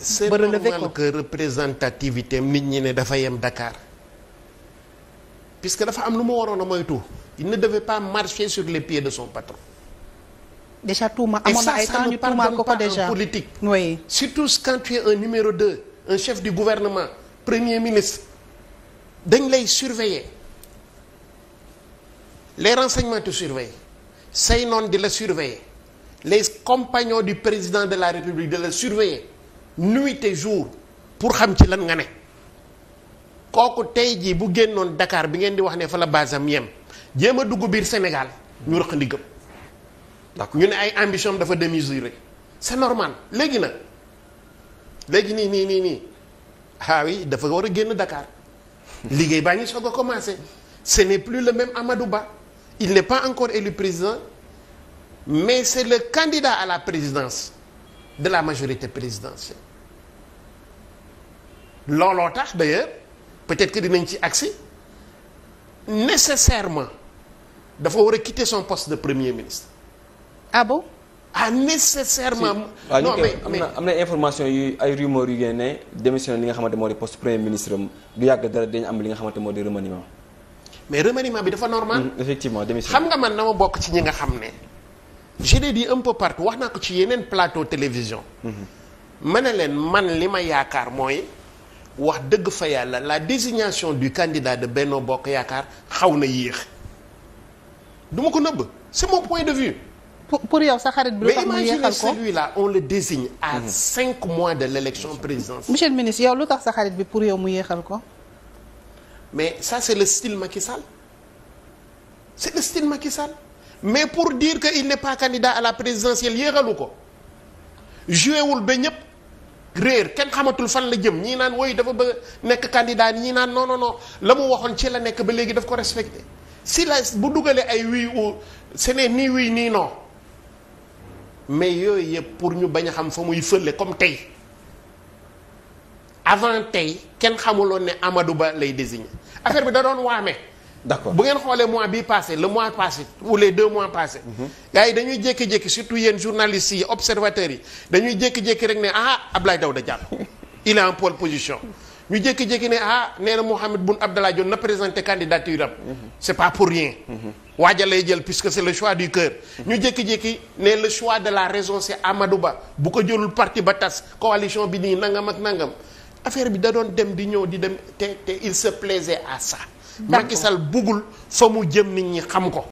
c'est normal que représentativité nit ñi ne dafa yem Dakar puisque dafa am lu ma waroon a moytu il ne devait pas sur les pieds de son patron déjà tuuma amoon na ay temps ñu tuumaal ko ko déjà politique oui. surtout quand un numéro 2 un chef du gouvernement premier ministre dañ lay surveiller les renseignements te surveillent say noon di la surveiller les compagnons du président de la République di la surveiller nuit et jour pour xam ci lan nga ne kooku tey jii bu génnoon dakaar bi ngeen di wax ne fa la base am yem jéem a dugg biir Sénégal ñu rëq ndigam. ñu ne ay ambition dafa démesuré c'est normal léegi nag léegi nii nii nii nii ah oui dafa war a génn dakaar liggéey baa ngi soog a commencé ce n'est plus le même Amadou Ba il n'est pas encore élu président mais c'est le candidat à la présidence de la majorité présidentielle looloo tax d'ailleurs peut-être que dinañ ci agsi nécessairement dafa war a quitter son poste de premier ministre. ah bon. ah nécessairement. Si. non mais am na am na information yu ay rumeurs yu ngeen ne démission li nga xamante moo di poste premier ministre am yàgg dara dañ am li nga xamante moo di remaniement. mais remaniement bi dafa normal. Mmh, effectivement démission xam nga man na ma bokk ci ñi nga xam ne. je l'ai dit un peu wax naa ko ci yeneen plateau télévision. Mm-hmm. ma ne leen man li ma yaakaar mooy. wax dëgg fa yàlla la désignation du candidat de Benno Bokk Yaakaar xaw na yéex du ma ko nëbb c'est mon point de vue. pour pour yow sa xarit bi lu tax mu yéexal ko mais imaginez celui-là on le mm-hmm. cinq mois de l'élection présidentielle. monsieur le ministre yow lu tax sa xarit bi pour yow mu yéexal ko. mais ça c'est le style Macky Sall c'est le style Macky Sall mais pour dire que il n'est pas candidat à la présidentielle yéexalu ko joué wul ba ñëpp. réer kenn xamatul fan la jëm ñii naan woyu dafa ba nekk candidat ñii naan non non la mu waxoon ci la nekk ba léegi daf ko respecté si la bu dugalee ay oui ou ce n'est ni oui ni mais yooyu yëpp pour ñu bañ a xam fa muy fële comme tey avant tey kenn xamuloon ne amadu Ba lay désigner affaire bi da doon waame. d'accord bu ngeen xoolee mois bi passé le mois passé ou les deux mois passés. Mhm. gars dañuy jékki-jékki surtout yéen journalistes yi observateurs yi dañuy jékki-jékki rek ne ah Abdoulaye Daouda Diallo il est en pole position. ñu jékki-jékki ne ah nee na Mohamed Boun Abdallah Dionne na présenté candidature am. Mhm. c'est pas pour rien. Mhm. waaja lay jël puisque c'est le choix du cœur. ñu jékki-jékki ne le choix de la raison c'est Amadou Ba bu ko jëlul parti ba tas coalition bi nii nangam ak nangam. affaire bi da doon dem di ñëw di dem te te il se plaisait à ça. Macky Sall buggul fa mu jëm nit ñi xam ko.